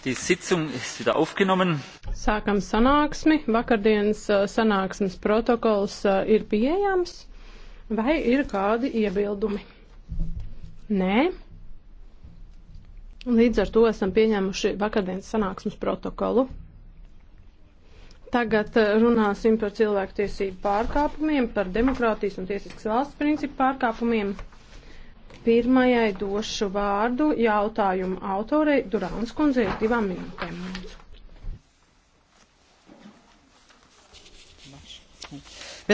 Sākam sanāksmi. Vakardienas sanāksmes protokols ir pieejams. Vai ir kādi iebildumi? Nē. Līdz ar to esam pieņēmuši vakardienas sanāksmes protokolu. Tagad runāsim par cilvēktiesību pārkāpumiem, par demokrātijas un tiesiskas valsts principu pārkāpumiem. Pirmajai došu vārdu jautājumu autorei Durāns kundzei uz divām minūtēm. Lūdzu.